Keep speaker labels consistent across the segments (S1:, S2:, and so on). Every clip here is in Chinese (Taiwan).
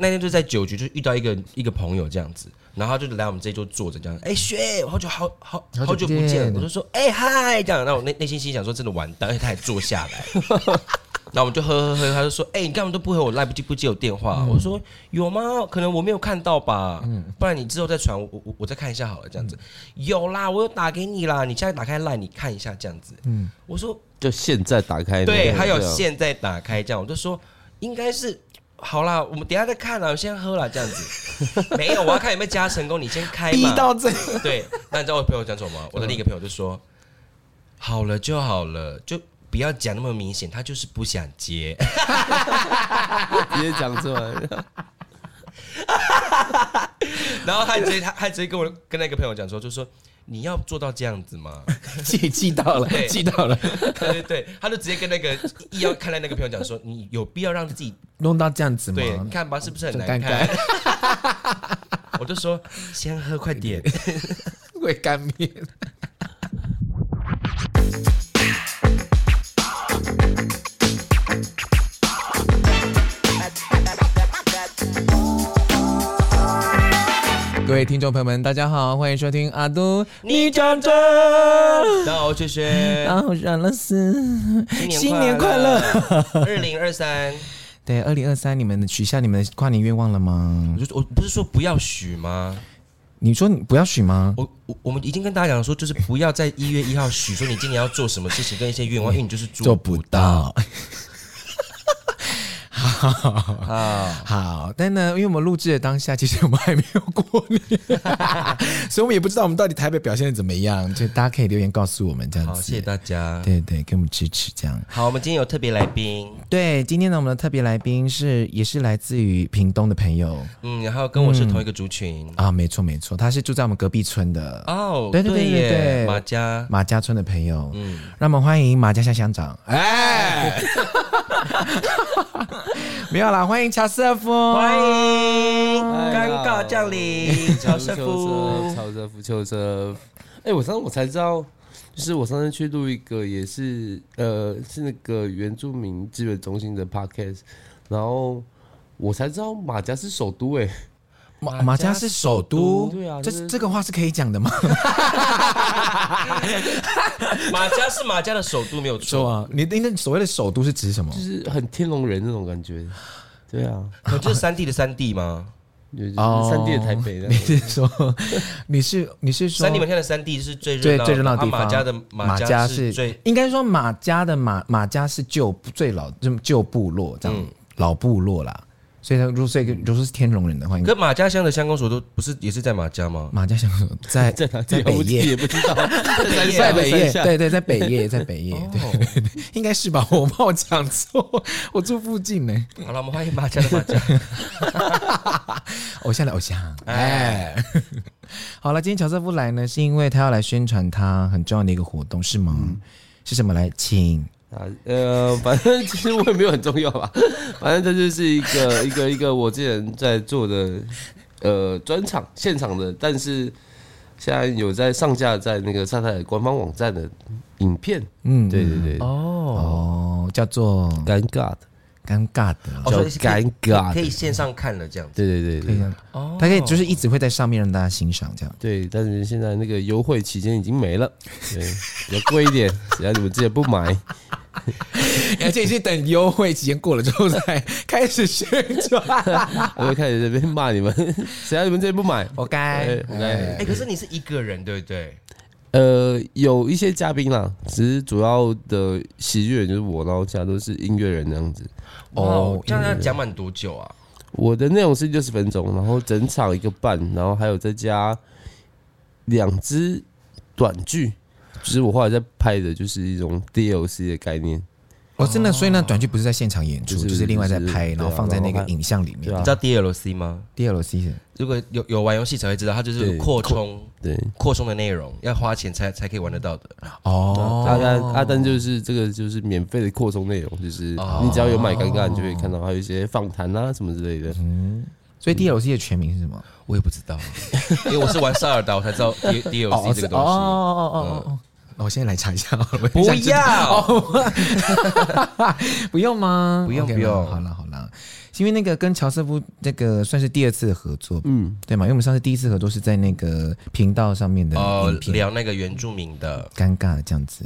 S1: 那天就在酒局，就遇到一個一個朋友這樣子，然後他就來我們這桌坐着，這樣。哎、欸，雪，好久，好好好久不見，我就說，哎、欸、嗨，Hi, 這樣。那我內內心心想說，真的完蛋。而且他還坐下來，那 我們就呵呵呵，他就說，哎、欸，你幹嘛都不回我，賴，不接我電話、啊嗯。我說，有嗎？可能我沒有看到吧，不然你之後再傳我，我我再看一下好了，這樣子、嗯。有啦，我有打給你啦，你現在打開賴，你看一下這樣子。嗯，我說，就現在打開。對，還有現在打開這樣，我就說應該是。好啦，我們等下再看，啊、我先喝了這樣子。沒有，我要看有沒有加成功，你先開吧，逼到這，對。那你知道我朋友講什麼嗎？我的另一個朋友就說：“好了就好了，就不要講那麼明顯。”他就是不想接。 直接講出來。 然後他直接他直接跟我跟那個朋友講說，就說。你要做到這樣子嗎？
S2: 氣，氣到了，氣到
S1: 了，對對對，他就直接跟那個醫藥看來那個朋友講說，你有必要讓自己
S2: 弄到這樣子嗎？對，你看吧，是不是很難看？就尷尬 我就說，先喝快點， 會干面。各位聽眾朋友們，大家好，歡迎收聽阿杜。你，講講你講講大家好，謝謝。你、嗯、好，冉老師。新年快樂！
S1: 二零二三。2023
S2: 對，二零二三，你們許下你們的跨年願望了嗎？我我不是說不要許嗎？你說你不要許嗎？我我們
S1: 已經跟大家講了說，就是不要在一月一號許說你今年要做什麼事情跟一些願望， 因為你就是做，做不
S2: 到。 好好，好，但呢，因為我們錄製的當下，其實我們還沒有過年， 所以我們也不知道我們到底台北表現的怎麼樣，就大家可以留言告訴我們這樣子。好，謝謝大家，對對，給我們支持這樣。
S1: 好，我們今天有特別來賓，
S2: 對，今天呢，我們的特別來賓是也是來自於屏東的朋友，
S1: 嗯，然後跟我是同一個族群、嗯、
S2: 啊，沒錯沒錯，他是住在我們隔壁村的哦，對
S1: 對對對對，對馬
S2: 家馬家村的朋友，嗯，讓我們歡迎馬家鄉鄉長，嗯、哎。 沒有啦，歡迎喬瑟夫，歡迎乾 God 降臨，喬瑟夫，喬瑟夫，喬瑟
S1: 夫。哎、欸，我上次我才知道，就是我上次去錄一個，也是呃，是那個原住民基本中心的 podcast，然後我才知道馬家是首都、欸，哎。
S2: 馬家，馬家是首都，對啊、這這個話是可以講的嗎？
S1: 馬家是馬家的首都，沒有錯。你的所謂的首都是指什麼？就是很天龍人那種感覺？對啊， 哦、就是三地的三
S2: 地嗎？啊、哦，三地的台北你 你。你是說，你是你是說，三地門的三地是最熱鬧的最最熱鬧地方。啊、馬家的馬家是，馬家是最應該說馬家的馬馬家是舊最老舊部落，這樣、嗯、老部落啦。所以，他，如果是天龍人的話，跟
S1: 馬家鄉的鄉公所都不是，也是在馬家嗎？馬家鄉在 在在北夜，也不知道 北夜 在北夜夜， 在北夜， 在北夜，在北夜 oh.
S2: 對 應該是吧？我怕我講錯， 我住附近呢、欸。好了，我們歡迎馬家的馬家，偶 像 的偶像。哎， 好了，今天喬瑟夫來呢，是因為他要來宣傳他很重要的一個活動，是嗎？嗯、是什麼？來，請。啊
S1: 呃，反正其實我也沒有很重要吧，反正這就是一個一個一個我之前在做的呃專場現場的，但是現在有在上架在那個薩泰爾官方網站的影片，
S2: 嗯，對對對，哦哦，叫做尷尬的。尷尬的，比、哦、尷尬。可以
S1: 線上看了這
S2: 樣對對對對，哦。他可以就是一直會在上面讓大家欣賞這樣。
S1: 對，但是現在那個優惠期間已經沒了，對，比較貴一點。只 要你們自己不買， 而且是等優惠期間過了之後再開始宣傳， 我就開始這邊罵你們。只要你們自己不買活該哎，可是你是一個人對不對？呃，有一些嘉賓啦，其實主要的喜劇人就是我，然後其他都是音樂人這樣子。哦、oh，這樣講滿多久啊？哦、對對對，我的內容是六十分鐘，然後整場一個半，然後還有再加兩支短劇，就是我後來在拍的，就是一種 DLC 的概念。
S2: 我真的，所以那短劇不是在現場演出，就是就是，就是另外在拍，然後放在那個影像裡面。嗯啊、
S1: 你知道 DLC 嗎？DLC 是如果有有玩遊戲才會知道，它就是擴充，對，擴充的內容，要花錢才才可以玩得到的。哦，阿登阿登就是這個就是免費的擴充內容，就是你只要有買《尷尬》哦，你就會看到它有一些訪談啊什麼之類的。嗯，
S2: 所以 DLC 的全名是什麼？嗯、我也不知道，因 為，欸、我是玩《塞爾達》我才知道 DLC，哦、這個東西。哦哦哦哦哦，哦。呃哦、我現在來查一下，不要， 不用嗎？不用 okay, 不用。好了好了，因為那個跟喬瑟夫那個算是第二次合作，嗯，對嘛？因為我們上次第一次合作是在那個頻道上面的，哦。聊
S1: 那個原住民的
S2: 尷尬這樣子，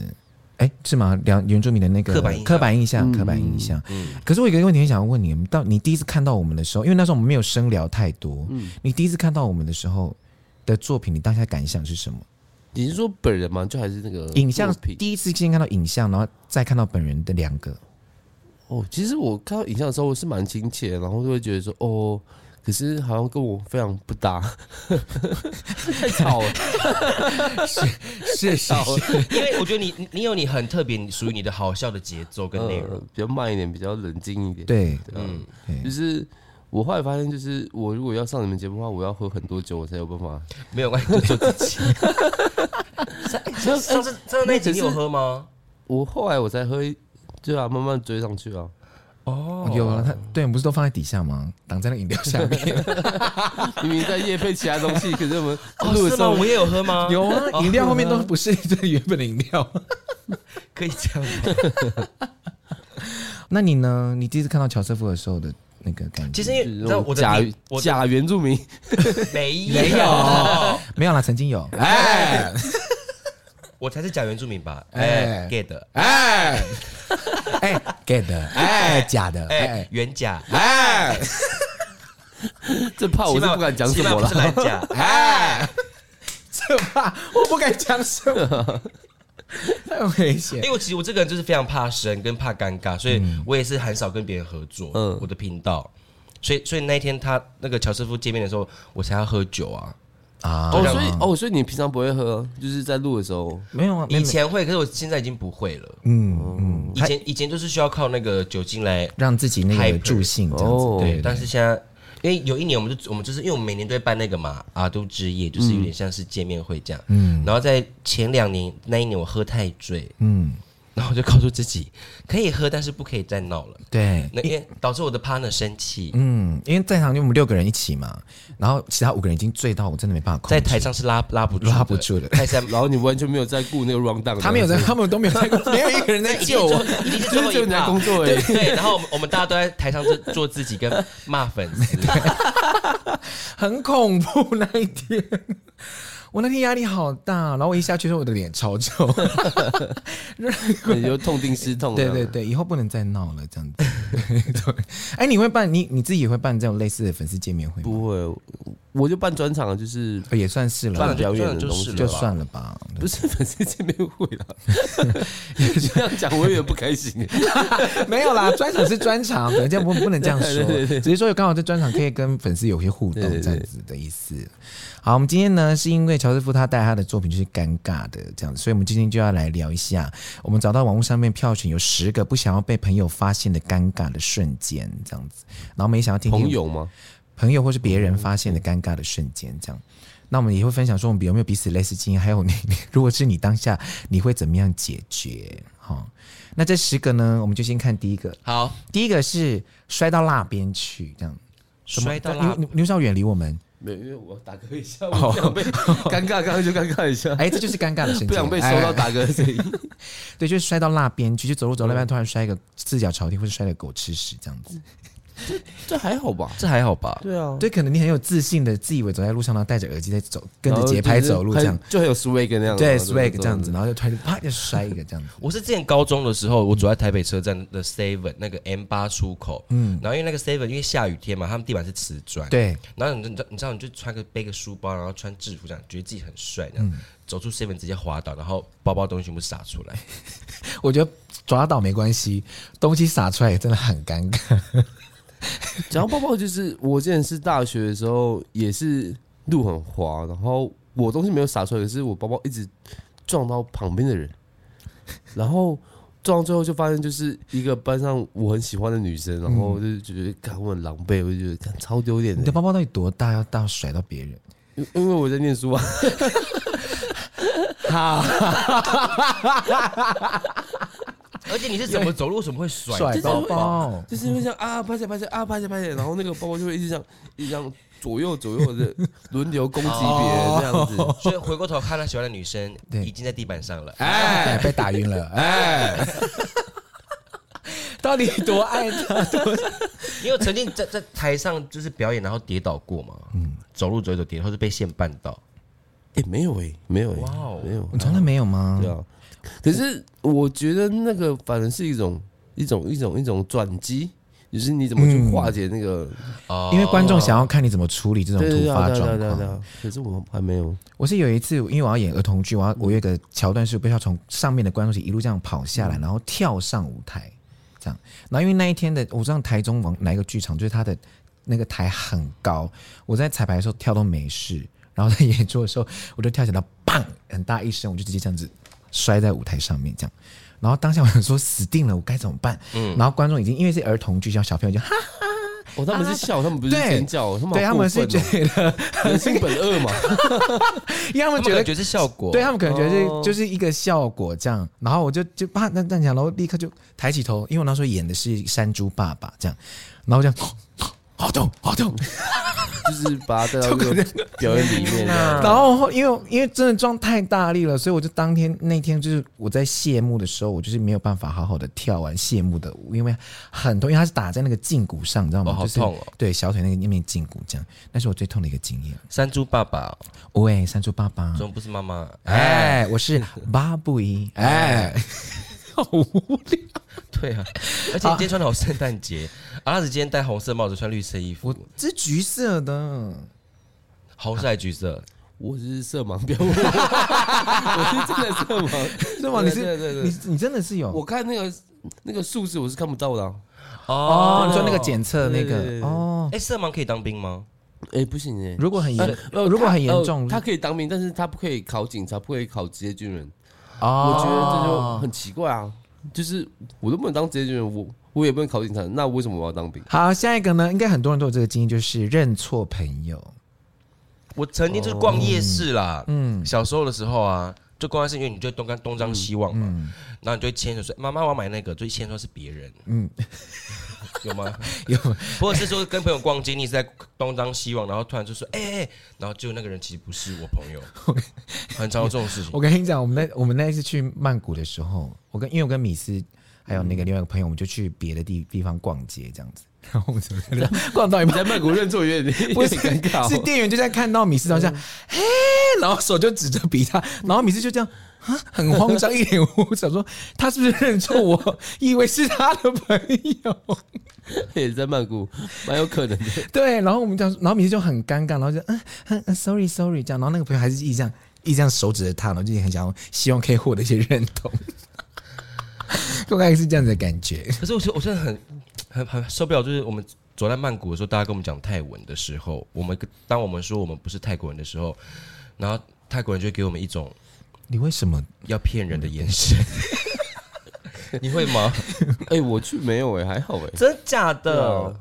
S2: 哎、欸，是嗎？聊原住民的那個刻板刻板印象，刻板印象、嗯，刻板印象。嗯。可是我有一個問題，很想要問你，到你第一次看到我們的時候，因為那時候我們沒有深聊太多，嗯，你第一次看到我們的時候的作品，你當下的感想是什麼？
S1: 你是說本人嗎？就還是那個影像？第一次
S2: 先看到影像，然後再看到本人的兩個。
S1: 哦，其實我看到影像的時候，我是蠻親切，然後就會覺得說，哦，可是好像跟我非常不搭 吵了。 太吵了，是，謝謝。因為我覺得你你有你很特別，屬於你的好笑的節奏跟內容，嗯，比較慢一點，比較冷靜一點。對，嗯，就是。我後來發現，就是我如果要上你們節目的話，我要喝很多酒，我才有辦法。沒有關係，做，做自己 、
S2: 啊。
S1: 就上次，那一集你有喝嗎？我後來我才喝，就
S2: 要、啊、慢慢追上去啊。哦、oh.，有啊，他對，不是都放在底下嗎？擋在那飲料下面，
S1: 因為在業配其他東西，可是我們哦、oh, 是嗎？我們也有喝嗎？有啊，啊，飲料後面都不
S2: 是原本的飲料，oh, 啊、 可以這樣子。 那你呢？你第一次看到喬瑟夫的時候的？那個感覺，其實因為假假原住民，沒有沒有、啊、 沒有啦。曾經有哎，欸、
S1: 我才是假原住民吧？哎，get，哎，哎，get，哎，欸欸欸欸、 假的，哎、欸，原假，哎、欸，
S2: 這 怕我是不敢講什麼了，是哎， renovation 十八 啊、 這怕我不敢講什麼。 太
S1: 危險！因為其實我這個人就是非常怕生跟怕尷尬，所以我也是很少跟別人合作。嗯，我的頻道，所以所以那一天他那個喬瑟夫見面的時候，我才要喝酒啊啊！
S2: 哦，所以，、啊、所以
S1: 哦，所以你平常不會喝，就是在錄的時候沒有啊沒？以前會，可是我現在已經不會了。
S2: 嗯嗯，以前
S1: 以前就是需要靠那個酒精來 type, 讓自己那個助
S2: 興這樣子，哦、對。但是
S1: 現在。因為有一年我，我們就我們就是因為，我們每年都在辦那個嘛，阿、啊、都之夜，就是有點像是見面會這樣。嗯嗯、然後在前兩年那一年，我喝太醉。嗯。然後我就告訴自己可以喝，但是不可以再鬧了。對，那因為導致我的 partner 生氣。
S2: 嗯，因為在場就我們六個人一起嘛，然後其他五個人已經醉到我真的沒辦法控制。在台上是拉，拉不住，拉不住的。台上， 然後你完全沒有在顧那個 rundown。他沒有在，他們都沒有在， 沒有一個人在救我。已，已經是最後一工作了。對，然後我們
S1: 我們大家都在台上做做自己跟罵，跟罵粉絲。
S2: 很恐怖那一天。我那天壓力好大，然後我一下去說我的臉超臭，你就痛定思痛，對對對，以後不能再鬧了這樣子。對， 哎，你會辦你你自己也會辦這種類似的粉絲見面會？不會，我
S1: 就辦專場，就是
S2: 也算是了，辦表演就是就算了吧，不是粉絲見面會了。
S1: 這樣講我有點不開心。
S2: 沒有啦，專場是專場，人家不不能這樣說，只是說有剛好在專場可以跟粉絲有些互動這樣子的意思。好，我們今天呢，是因為喬瑟夫他帶他的作品就是尷尬的這樣子，所以我們今天就要來聊一下。我們找到網絡上面票選有十個不想要被朋友發現的尷尬的瞬間這樣子，然後我們也想要聽聽朋友嗎？朋友或是別人發現的尷尬的瞬間這樣，那我們也會分享說，我們有沒有彼此類似經驗？還有你如果是你當下你會怎麼樣解決？好，那這十個呢，我們就先看第一個。好，第一個是摔到那邊去這樣子，摔到你稍微遠離我們。
S1: 沒，因為我打嗝一下，不、oh, 想被尷尬，尷尬就
S2: 尷尬一下。 哎，這就是尷尬的聲音，不想被收到打嗝的聲音。哎、 對，就是摔到那邊去，就去走路走那邊，突然摔個四腳朝天，或者摔個狗吃屎這樣子。這,這還好吧，這還好吧。對啊，對，可能你很有自信的，自以為走在路上，他戴着耳機在走，跟着節拍走路，這樣就,就很有 swag
S1: 那樣、嗯。對,對 swag 這樣子，
S2: 然後就突然就啪就摔一個這樣子。
S1: 我是之前高中的時候，嗯、我走在台北車站的 seven 那個 M 八出口，嗯，然後因為那個 seven 因為下雨天嘛，他們地板是瓷磚，對。然後你知道，你知道你就穿個背個書包，然後穿制服這樣，覺得自己很帥這樣、嗯、走出 seven 直接滑倒，然後包包東西全部灑出來。
S2: 我覺得抓到沒關係，東西灑出來也真的很尷尬。
S1: 然後包包就是，我之前是大學的時候，也是路很滑，然後我東西沒有灑出來，可是我包包一直撞到旁邊的人，然後撞到最後就發現就是一個班上我很喜歡的女生，然後我就覺得感覺、嗯、我很狼狽，我就覺得超丟臉。你的
S2: 包包到底多大，要大要甩到別人？
S1: 因為我在唸書啊。 哈好笑 而且你是怎麼走路？怎麼會甩，為甩包包？就，就會、就是會像啊拍下拍下啊拍下拍下，然後那個包包就會一直這樣，一直這樣左右左右的輪流攻擊別人這樣子。哦哦哦哦哦，所以回過頭看，他喜歡的女生已經在地板上了，哎，被打暈了哎，哎，到底多愛她？因為曾經在在台上就是表演，然後跌倒過嘛，嗯，走路走一走跌倒，或是被線絆倒，哎，沒有哎，沒有哎，
S2: 沒有、哦，你從來沒有嗎？對啊、哦。
S1: 可是我覺得那個反正是一種一種一種一種轉機，就是你怎麼去化解那個？嗯哦、因為觀眾想要
S2: 看你怎麼處理這種突發狀況。可是我還沒有，我是有一次，因為我要演兒童劇，我要我有個橋段是不是要從上面的觀眾席一,一路這樣跑下來，然後跳上舞台這樣。然後因為那一天的我知道台中往哪一個劇場，就是他的那個台很高。我在彩排的時候跳都沒事，然後在演出的時候我就跳起來，砰，很大一聲，我就直接這樣子。摔在舞台上面，這樣，然後當下我想說死定了，我該怎麼辦？嗯，然後觀眾已經因為是兒童劇，叫小朋友就哈哈，
S1: 我、哦、他們是笑、啊，他們不是尖叫，他們、哦、對他們是對的，他
S2: 們是本性本惡嘛，
S1: 因為他們覺得他們覺得是效果，對
S2: 他們可能覺得是就是一個效果這樣，然後我就就啪那站起來，然後立刻就抬起頭，因為我那時候演的是山豬爸爸這樣，然後我講。好痛，好痛，
S1: 就是把它帶到一個表演裡面、 啊。
S2: 然後因為因為真的撞太大力了，所以我就當天那天就是我在謝幕的時候，我就是沒有辦法好好的跳完謝幕的舞，因為很痛，因為它是打在那個脛骨上，你知道嗎？哦、好痛哦、就是！對，小腿那個那邊脛骨這樣，那是我最痛的一個經驗。山
S1: 豬爸爸、哦、爸
S2: 爸，喂，山豬爸爸，怎麼不是媽
S1: 媽、欸哎？哎，我是
S2: 巴布依，哎。
S1: 好無聊，對啊，而且你今天穿的好聖誕節。阿、啊、子、啊、今天戴紅色帽子，穿綠色衣服，我
S2: 這橘色的，
S1: 好曬橘色、啊。我是色盲表，標 我是真的是色盲，色盲對對對對你是你你真的是有。我看那個那個數字我是看不到的哦、啊。Oh, oh, 你說那個檢測那個哦。哎、oh. 欸，色盲可以當兵嗎？哎、欸，不行、欸、如果很嚴、啊、呃，如果很嚴重他、呃，他可以當兵，但是他不可以考警察，不可以考職業軍人。
S2: Oh. 我覺得這就很
S1: 奇怪啊！就是我都不能當職業軍人，我我也不能考警察，那為什麼我要當兵？
S2: 好，下一個呢？應該很多人都有這個經驗，就是認錯朋友。
S1: 我曾經就是逛夜市啦，嗯、Oh.，小時候的時候啊。嗯就關鍵是因為你就東張東張西望嘛、嗯嗯，然後你就牽着說：“媽媽，我要買那個。”就牽著說是別人，嗯， 有嗎？有， 或者是說跟朋友逛街，你是在東張西望，然後突然就說：“哎、欸欸”，然後就那個人其實不是我朋友，很
S2: 常有這種事情。我跟你講，我們那我們那一次去曼谷的時候，我跟因為我跟米斯還有那個另外一個朋友，嗯、我們就去別的地地方逛街這樣子。然後我們怎麼逛，到你你在曼谷認錯點，我也很尷尬、哦。是店員就在看到米斯然後這樣，嗯、嘿，然後手就指着比他，然後米斯就這樣啊，很慌張， 一臉無辜，想說他是不是認錯我， 以為是他的朋友。
S1: 也在曼谷，蠻有可能的。
S2: 對，然後我們講，然後米斯就很尷尬，然後就嗯，嗯，嗯 sorry sorry 這樣，然後那個朋友還是一直這樣，一直這樣手指着他，然後就很想希望可以獲得一些認同。大 概是這樣子的感覺。可是我覺，我真的很。
S1: 很很受不了，就是我們走在曼谷的時候，大家跟我們講泰文的時候，我們當我們說我們不是泰國人的時候，然後泰國人就會給我們一種你為什麼要騙人的眼神，你, 你會嗎？哎、 欸，我去沒有哎、欸，還好哎、欸，真假的？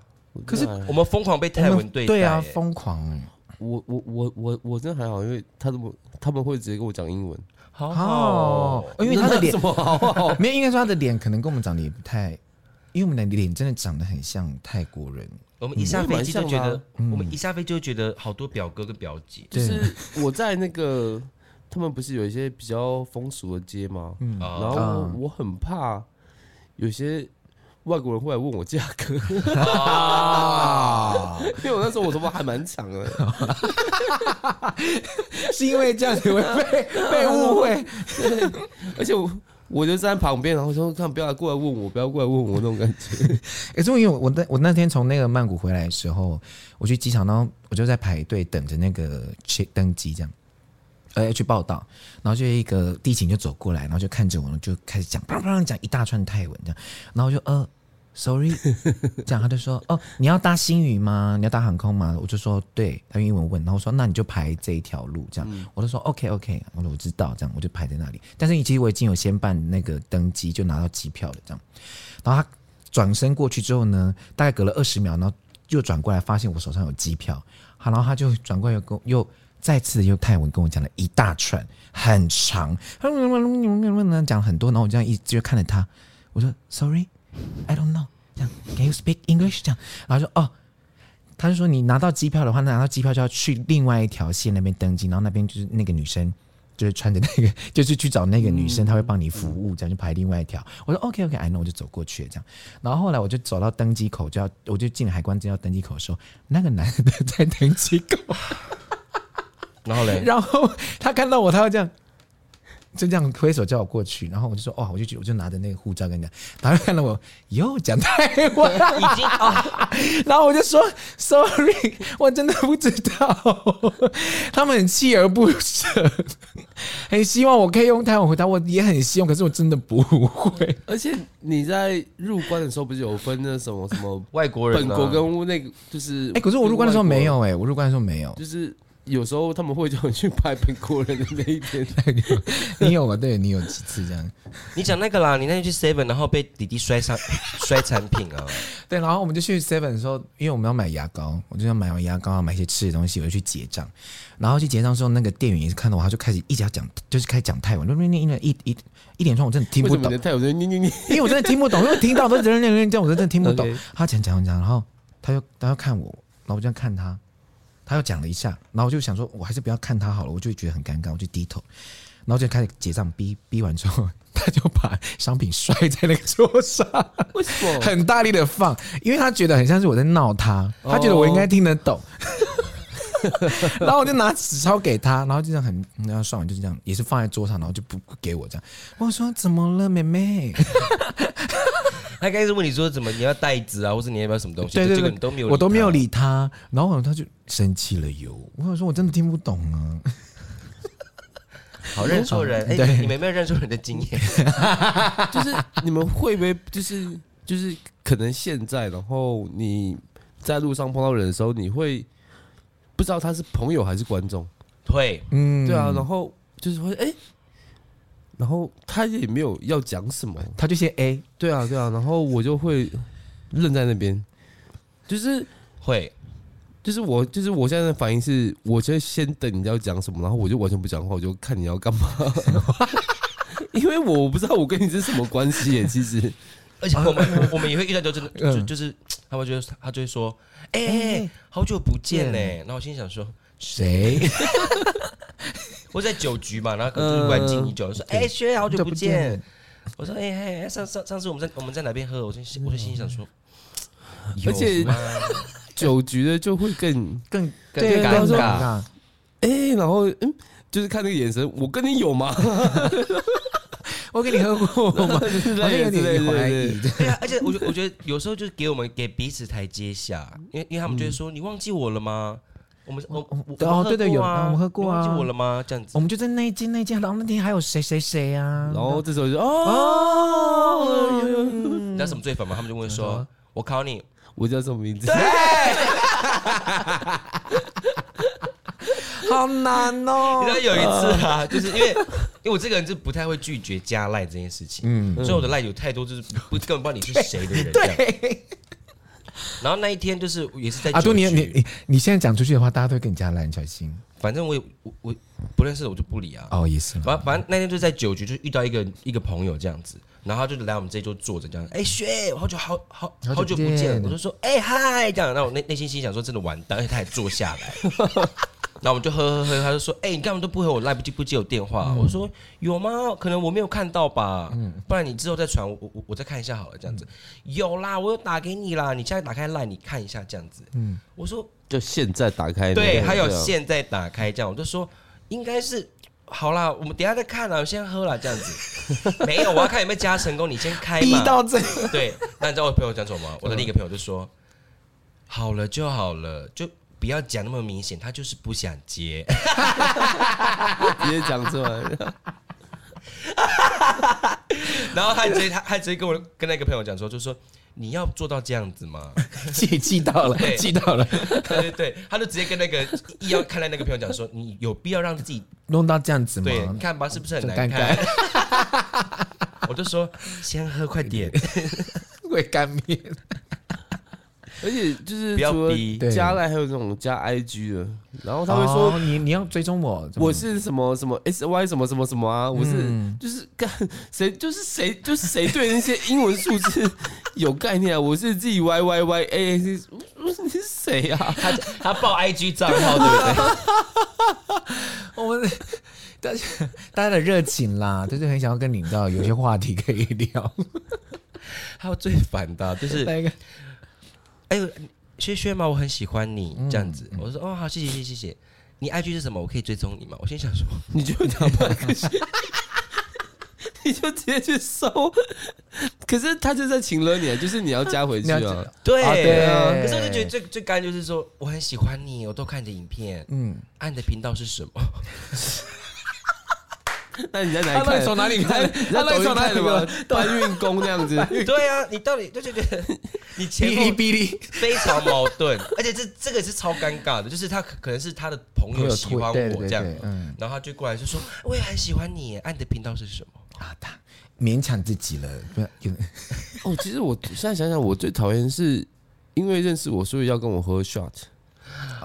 S1: 可是我們瘋狂被泰文對待、欸，對啊，
S2: 瘋狂。我我我我我真的還好，因為他怎麼他們會直接跟我講英文，好，好，oh, 因為他的臉好，好？ 沒有，應該說他的臉可能跟我們長得也不太。因為我們的臉真的長得很像泰國人、嗯，我們一下飛機就覺得，我們一
S1: 下飛機就覺得好多表哥跟表姐。就是我在那個，他們不是有一些比較風俗的街嗎？然後我很怕有些外國人會來問我價格、哦， 因為我那時候我頭髮還蠻長的，是因為這樣你會被被誤會、哦， 而且我。我就在旁邊，然後說：“看，不要過來問我，不要過來問
S2: 我那種感覺。 欸”誒，終於我那我那天從那個曼谷回來的時候，我去機場，然後我就在排隊等着那個登機，這樣，呃，去報道，然後就一個地勤就走過來，然後就看着我，就開始講，啪啪，講一大串泰文，這樣，然後就呃。Sorry，這樣他就說：“哦，你要搭星宇嗎？你要搭航空嗎？”我就說：“對。”他用英文問，然後我說：“那你就排這一條路。”這樣，嗯、我就說：“OK，OK。OK, ” OK, 我說：“我知道。”這樣，我就排在那裡。但是，你其實我已經有先辦那個登機，就拿到機票了。這樣，然後他轉身過去之後呢，大概隔了二十秒，然後又轉過來，發現我手上有機票。好，然後他就轉過來又跟我又再次用泰文跟我講了一大串，很長，他說你們呢？講、嗯、了、嗯嗯嗯嗯嗯嗯嗯、很多。然後我這樣一直就看着他，我說：“Sorry。” I don't know，這樣 Can you speak English？這樣，然後說哦，他就說你拿到機票的話，那拿到機票就要去另外一條線那邊登機，然後那邊就是那個女生，就是穿着那個，就是去找那個女生，她、嗯、會幫你服務，這樣就排另外一條。我說 OK OK，I know，我就走過去了，這樣。然後後來我就走到登機口，就要我就進了海關，就要登機口的時候，那個男的在登機口， 然後嘞，然後他看到我，他會這樣。就這樣揮手叫我過去，然後我就說：“哦，我就我就拿着那個護照跟你講。然後”導遊看到我喲，講台灣、啊，已經哦、 然後我就說 ：“Sorry，我真的不知道。”他們鍥而不捨，很希望我可以用台灣回答。我也很希望，可是我真的不會。
S1: 而且你在入關的時候不是有分那什麼什麼外國人、啊、本國跟那個就是、欸？哎，可是我入關的時候沒有
S2: 哎、欸，我入關的時候沒有，就是。有時候他們會叫我去拍蘋果人的那一天， 你有嗎？對，你有幾次這樣？
S1: 你講那個啦，你那天去 Seven，然後被弟弟摔傷、摔產品啊。
S2: 對，然後我們就去 Seven 的時候，因為我們要買牙膏，我就想買完牙膏，買一些吃的東西，我就去結賬。然後去結賬的時候，那個店員也是看到我，他就開始一直要講，就是開始講泰文，就你你一一一點鐘，一我真的聽不懂
S1: 泰文，你你你，因為我真的聽不懂，因為聽到都人人念人念，
S2: 我真的聽不懂。 不懂 okay. 他講講講，然後他就，他要看我，然後我就看他。他又講了一下，然後我就想說，我還是不要看他好了，我就覺得很尷尬，我就低頭，然後就開始結賬，逼逼完之後，他就把商品摔在那個桌上，為什麼？很大力的放，因為他覺得很像是我在鬧他，他覺得我應該聽得懂。Oh. 然後我就拿紙鈔給他，然後就這樣很那樣算完，就是這樣，也是放在桌上，然後就不給我這樣。我說怎麼了，妹妹？ 他開
S1: 始問你說怎麼你要袋子啊，或是你要不要什麼東西？對對，對，對你都沒有，我都
S2: 沒有理他，他。然後他就生氣了喲。我想說，我真的聽不懂啊。好認錯人，哎、 哦欸，你們
S1: 有沒有認錯人的經驗？ 就是你們會不會就是就是可能現在，然後你在路上碰到人的時候，你會？不知道他是朋友還是觀眾，對，嗯，對啊，然後就是會哎、欸，然後他也沒有要講什麼，他就先哎，對啊，對啊，然後我就會愣在那邊，就是會，就是我，就是我現在的反應是，我就先等你要講什麼，然後我就完全不講話，我就看你要幹嘛， 因為我不知道我跟你是什麼關係耶，其實。而且我們 我們也會遇到就真的就就是他會覺得他就會說，哎、欸欸，好久不見呢、欸。然後我心想說誰？ 我在酒局嘛，然後可能就過來敬你酒，說、嗯、哎，薛、欸，好久不見。嗯、我說哎哎、欸，上上上次我們在我們在哪邊喝？我就我就心想說，嗯、有而且 酒局的就會更更更尷尬。哎、就是欸，然後嗯，就是看那個眼神，我跟你有嗎？ 我給你喝過嗎？ 好像有點懷疑對對對對。對啊，而且我覺我覺得有時候就是給我們給彼此台階下， 因為因為他們就會說、嗯、你忘記我了嗎？
S2: 我們
S1: 我我，我對哦對對有，我喝過啊。啊過啊忘記我了
S2: 嗎？這樣子。我們就在那一間那一間，然後那天還有誰誰誰啊？然後，然後這時候說哦，哦有有有有你
S1: 知道什麼最煩嗎、哦？他們就問說，我考你，我叫什麼名字？對，
S2: 好難哦。 你知道有一次啊，
S1: 就是因為。因為我這個人就不太會拒絕加 Line 這件事情，嗯，所以我的 Line 有太多，就是不根本不知道你是誰的人對。對。然後那一天就是也是在酒局，啊，你
S2: 你你現在講出去的話，大家都會跟你加 Line，你小心。
S1: 反正我也我我不認識，我就不理啊。哦，意思，反反正那天就是在酒局，就遇到一個一個朋友這樣子，然後他就來我們這桌坐着，這樣，
S2: 哎雪，我
S1: 好久好好好久不見，不見了，我就說哎嗨，欸，這樣，那我內內心心想說真的完蛋，而且他還坐下來。 那我們就喝喝喝，他就說：“哎、欸，你幹嘛都不回我，賴，不接我電話、啊。嗯”我說：“有嗎？可能我沒有看到吧，嗯、不然你之後再傳我，我我再看一下好了，這樣子。嗯”有啦，我有打給你啦，你現在打開賴你看一下，這樣子。嗯，我說就現在打開對。對，還有現在打開這樣，我就說應該是好啦，我們等下再看啦。我先喝啦，這樣子。 沒有，我要看有沒有加成功，你先開吧。逼到這樣，對，那你知道我的朋友講什麼嗎？我的另一個朋友就說：“好了就好了，就。”不要講那麼明顯，他就是不想接。 直接講出來。 然後他直接還還直接跟我跟那個朋友講說，就說你要做到這樣子嗎？
S2: 氣氣到了，氣到
S1: 了。對對，對他就直接跟那個一要看來那個朋友講說，你有必要讓自己
S2: 弄到這樣子嗎？你
S1: 看吧，是不是很難看？就 我就說，
S2: 先喝快點，
S1: 會
S2: 干 面。
S1: 而且就是除了加賴，還有這種加 IG 的，然後他會說、哦、
S2: 你你要追蹤我，我
S1: 是什麼什麼 SY 什麼什麼什麼啊？嗯、我是就是幹誰？就是誰？就是誰對那些英文數字有概念啊？我是自己 y y y a a 你是誰啊？他他報 IG
S2: 賬號對不對？我們大家大家的熱情啦，就是很想要跟領導有些話題可以聊。 還有最煩的就是那個。
S1: 哎呦，薛薛嘛，我很喜歡你這樣子。嗯、我說哦，好，謝謝謝謝謝。你愛 g 是什麼？我可以追蹤你嗎？我心想說，你就這樣吧，你， 你就直接去搜。可是他就是在請了你，就是你要加回去啊。對啊，對啊，可是我就覺得最最幹就是說，我很喜歡你，我都看你的影片，嗯，按、啊、的頻道是什麼？ 你啊、那你在哪裡看？從、啊、哪裡看的？你在抖音看什麼、啊、搬運工那樣子？對啊，你到底就對覺得你前後非常矛盾， 而且這這個也是超尷尬的，就是他可能是他的朋友喜歡我這樣我對對對、嗯，然後他就過來就說我也很喜歡你，啊、你的頻道是什麼？啊，他
S2: 勉強自己了，不 哦，其實我
S1: 現在想想，我最討厭的是因為認識我，所以要跟我喝 shot。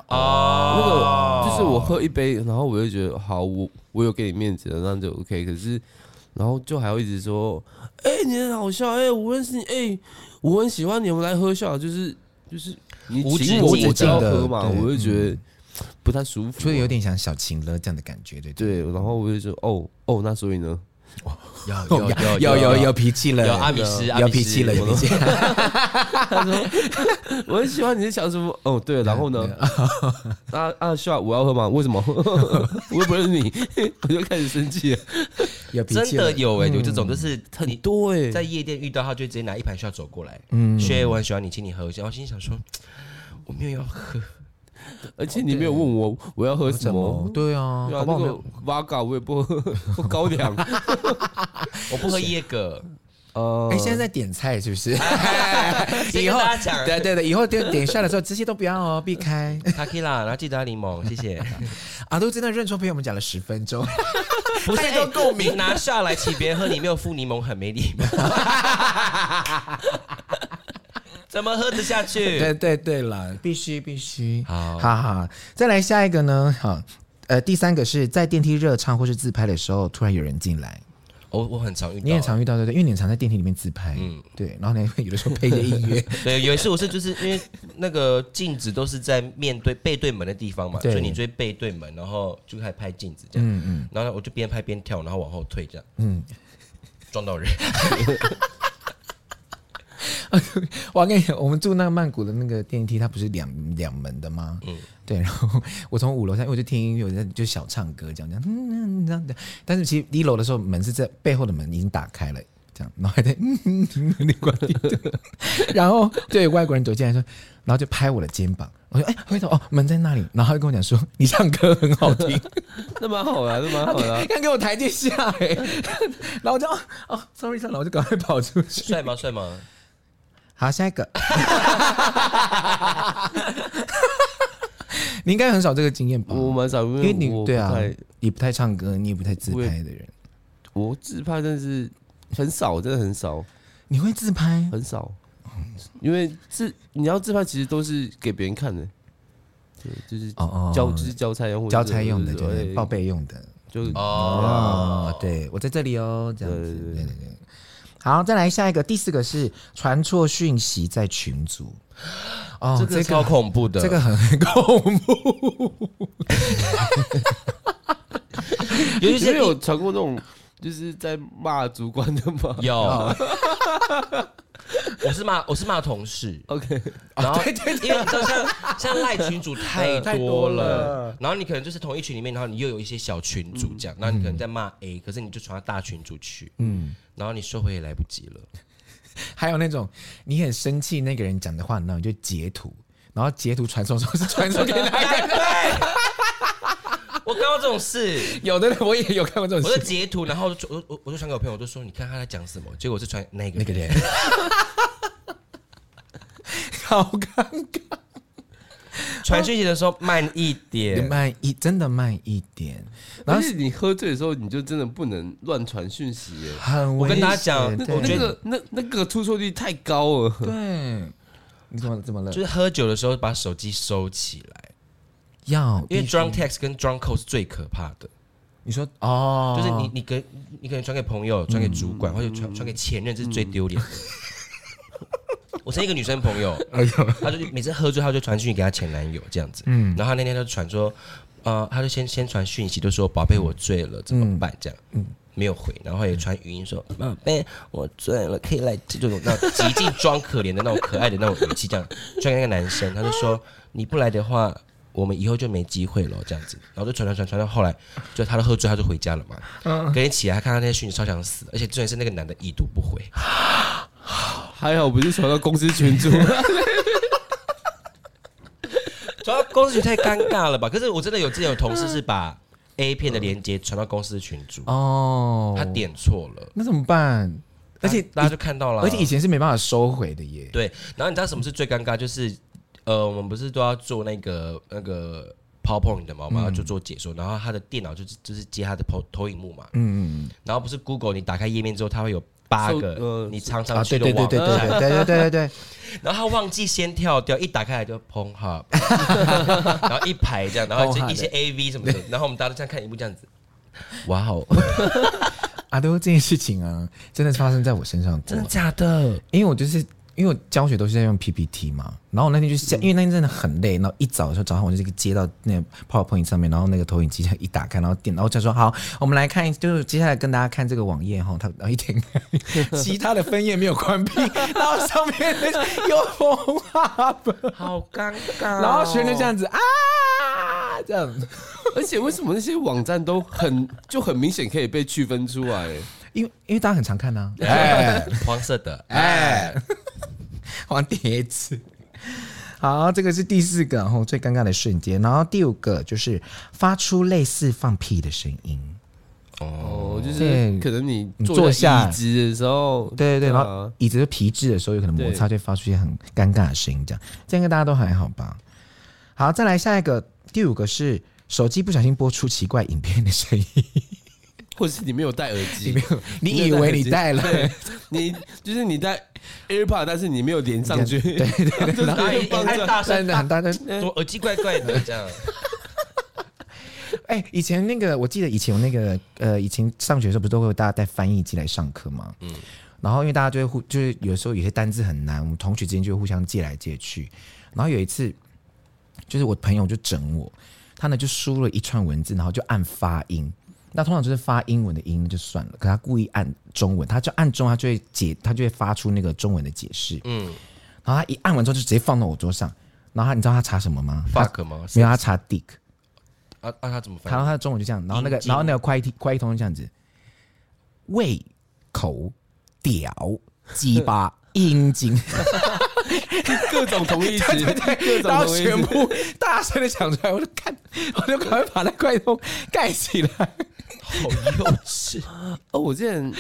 S1: 啊、oh,，那個就是我喝一杯，然後我就覺得好，我我有給你面子了，那就 OK。可是，然後就還要一直說，哎、欸，你很好笑，哎、欸，我認識你，哎、欸，我很喜歡你，我們來喝笑，就是就是你請我無的我只要喝嘛，我就覺
S2: 得不太舒服，啊，所以有點像小情了這樣的感覺，對對、對、對。然後我就說，哦哦，那所以呢？有有有有有有脾氣了，有阿米斯，有脾氣了。他
S1: 說我很喜歡你的小師傅。哦、oh, 對，對，然後呢？阿、 啊啊、需笑，我要喝嗎？為什麼？ 我又不認識你， 我就開始生了 氣了。
S2: 真的有哎、欸，有、嗯、這種就是特多對，在
S1: 夜店遇到他，就直接拿一盤笑走過來。嗯，所以我很喜歡你，請你喝。我心裡想說，我沒有要喝。而且你沒有問我我要喝什麼，對
S2: 啊，那個
S1: vodka 我也不喝，高粱，
S2: 我不喝椰哥。哦，哎，現在在點菜是不是？以後，對對對，對，以後就點菜的時候這些都不要哦，避開。可以啦，然後記得檸檬，謝謝。阿都真的認錯，被我們講了十分鐘，不是一段共
S1: 鳴。拿下來，請別人喝，你沒有敷檸檬，很沒禮貌。
S2: 怎麼喝得下去？ 對對對了，必須必須。好，好好，再來下一個呢？好，呃，第三個是在電梯熱唱或是自拍的時候，突然有人進來。
S1: 我、哦、我很常遇到、啊，你也常
S2: 遇到，對對，對，因為你常在電梯裡面自拍，嗯，對。然後呢，有的時候配着音樂，
S1: 對，有一次我是就是因為那個鏡子都是在面對背對門的地方嘛，所以你就背對門，然後就開始拍鏡子這樣，嗯嗯。然後我就邊拍邊跳，然後往後退這樣，嗯，撞到人。
S2: 我跟你講，我們住那個曼谷的那個電梯，它不是兩兩門的嗎？嗯，對。然後我從五樓上，因為我就聽音樂，人家就小唱歌這樣，這樣這樣，嗯嗯這樣講。但是其實一樓的時候，門是在背後的門已經打開了，這樣，然後還在，嗯、關 然後對外國人走進來說，然後就拍我的肩膀，我說哎、欸，回頭哦，門在那裡，然後他跟我講說你唱歌很好聽， 那蠻好的、啊，那蠻好的、啊，剛給我台階下
S1: 哎、欸，然後就哦，哦，sorry，上來我就趕快跑出去，帥嗎？帥嗎？
S2: 啊，下一個，哈哈哈，你應該很少這個經驗吧？我蠻少，因為，因為你對啊，你不太唱歌，你也不太自拍的人
S1: 我。我自拍真的是很少，真的很少。
S2: 你會自拍？
S1: 很少，因為自你要自拍，其實都是給別人看的。對，就
S2: 是交織、oh oh oh, 交差用，或者是，就是，交差用的，對，對對對報備用的，就哦，oh. 對我在這裡哦，這樣子，對對對。對對對好，再來下一個，第四個是傳錯訊息在群組，哦，這個超恐怖的，這個、這個、很恐怖。 其前有，
S1: 有傳過那種就是在罵主管的嗎？有。 我是罵，我是罵同事，OK。然後因為像像賴群組太，太多了，然後你可能就是同一群裡面，然後你又有一些小群組這樣，嗯，然後你可能在罵 A，嗯，可是你就傳到大群組去，嗯，然後你收回也來不及了。
S2: 還有那種你很生氣那個人講的話，然你，你就截圖，然後截圖傳送中是傳送給
S1: 他，對。
S2: 我看到這種事 有，有的我也有看過這種事，我就截圖，然
S1: 後我我我就傳給我朋友，我就說：“你看他在講什麼？”結果是傳那個那個人， 好尷尬。傳訊息的時候慢一
S2: 點，慢一真的慢一點。然後是
S1: 你喝醉的時候，你就真的不能亂傳訊息，很危險，我跟大家講，我覺得那那個出錯率太高了。對，
S2: 你怎麼怎麼了？就是
S1: 喝酒的時候把手機收起來，
S2: 要，因為 drunk
S1: text 跟 drunk call 是最可怕的。
S2: 你說哦，就是你
S1: 你可你可能傳給朋友，傳給主管，嗯、或者傳傳給前任、嗯、這是最丟臉的。我曾一個女生朋友，哎呦，她就每次喝醉，她就傳訊息給她前男友這樣子。嗯，然後她那天就傳說，啊、呃，她就先先傳訊息，就說，寶貝，我醉了，怎麼辦？這樣，嗯，沒有回，然後也傳語音說，寶貝，我醉了，可以來這種那種極盡裝可憐的那種可愛的那種語氣，這樣傳給那個男生，她就說，你不來的話。我們以後就沒機會了，這樣子，然後就傳傳傳傳到後來，就他都喝醉，他就回家了嘛。嗯，隔天起來，他看到那些訊息，超想死。而且重點是那個男的已讀不回，還好不是傳到公司群組，傳 到公司群太尷尬了吧？可是我真的有之前有同事是把 A 片的連結傳到公司的群組
S2: 哦，他點錯了，那怎麼辦？他而且大家就看到了，而且以前是沒辦法收回的耶。
S1: 對，然後你知道什麼是最尷尬？就是。呃，我們不是都要做那個那個 PowerPoint 的嘛，我們要就做解說，嗯、然後他的電腦就是就是接他的投投影幕嘛，嗯嗯然後不是 Google 你打開頁面之後，它會有八個、呃，你常常、啊、對對對對、啊啊、對對對對對對對對然後他忘記先跳掉，一打開來就碰哈，然後一排這樣，然後就一些 A V 什麼的，然後我們大家都這樣看螢幕這樣子，
S2: 哇哦，阿 都、啊、這件事情啊，真的發生在我身上，真的假的？因為我就是。因為我教學都是在用 PPT 嘛，然後我那天就是、嗯，因為那天真的很累，然後一早的時候，早上我就接到那個 PowerPoint 上面，然後那個投影機一打開，然後電腦就說：“好，我們來看，就是接下來跟大家看這個網頁哈。”它，然後一停， 其他的分頁沒有關閉， 然後上面有紅，好尷尬、哦，然後學員這樣子啊，這樣
S1: 子，而且為什麼那些網站都很就很明顯可以被區分出來？
S2: 因為因為大家很常看吶、啊欸，
S1: 黃色的，哎、欸，
S2: 黃碟子。好，這個是第四個，然後最尷尬的瞬間。然後第五個就是發出類似放屁的聲音。哦，就是可能你坐下椅子
S1: 的時候，對對對，然後椅
S2: 子的皮質的時候有可能摩擦，就會發出一些很尷尬的聲音。這樣，這樣大家都還好吧？好，再來下一個，第五個是手機不小心播出奇怪影片的聲音。
S1: 或是你沒有戴耳機，你以為你戴了，你就是你戴 AirPods，但是你沒有
S2: 連上去， 嗯、對，對對，然後還大聲的喊
S1: 大聲，我耳機怪怪的這樣
S2: 哎、欸，以前那個，我記得以前我那個，呃，以前上學的時候不是都會有大家帶翻譯機來上課嘛，嗯，然後因為大家就會互，就是有時候有些單字很難，我們同學之間就會互相借來借去。然後有一次，就是我朋友就整我，他呢就輸了一串文字，然後就按發音。那通常就是發英文的音就算了，可他故意按中文，他就按中，他就會解，他就會發出那個中文的解釋。嗯，然後他一按完之後就直接放到我桌上，然後他你知道他查什麼嗎？fuck 嗎、啊？沒有，他查 dick 啊。啊那他怎麼翻？然後他的中文就這樣，然後那個，然後那個快譯通快譯通這樣子，胃口屌雞巴陰、嗯、莖 各對對對，各種同義詞，對對，然後全部大聲的講出來，我就
S1: 看，我就趕快把那快譯通蓋起來。 好幼稚！ 哦，我之前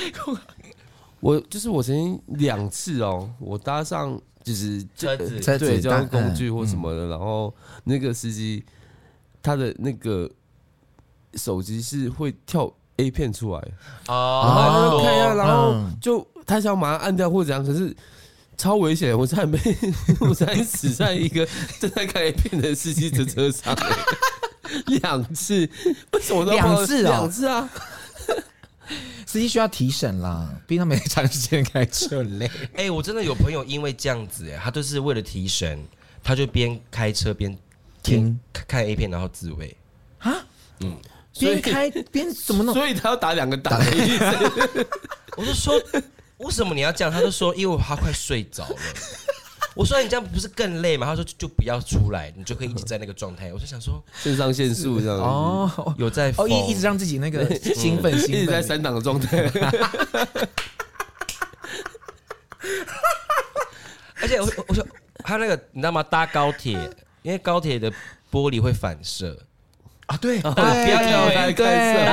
S1: 我就是我曾經兩次哦，我搭上就是車子，車子對交通工具或什麼的，嗯、然後那個司機他的那個手機是會跳 A 片出來啊、哦哦，看一下，然後就他想馬上按掉或者怎樣，可是超危險，我才沒我才死在一個正在看 A 片的司機的車上、欸。
S2: 兩次，
S1: 我兩次、啊，兩次啊！
S2: 司機需要提神啦，畢竟他每天長時間開車累。哎、
S1: 欸，我真的有朋友因為這樣子、欸，哎，他就是為了提神，他就邊開車邊聽看 A 片然後自慰啊。嗯，邊開邊怎麼弄？所以他要打兩個檔。 我就說，為什麼你要這樣？他就說，因為他快睡着了。我說：“你這樣不是更累嗎？”他說：“就不要出來，你就可以一直在那個狀態。”我就想說，腎上腺素這樣子哦，有在哦一一直讓自己那個興奮興奮一直在三檔的狀態。 而且我我說他那個，你知道嗎？搭高鐵，因為高鐵的玻璃會反射。
S2: 啊、哦，哎，對，對大家不要調開，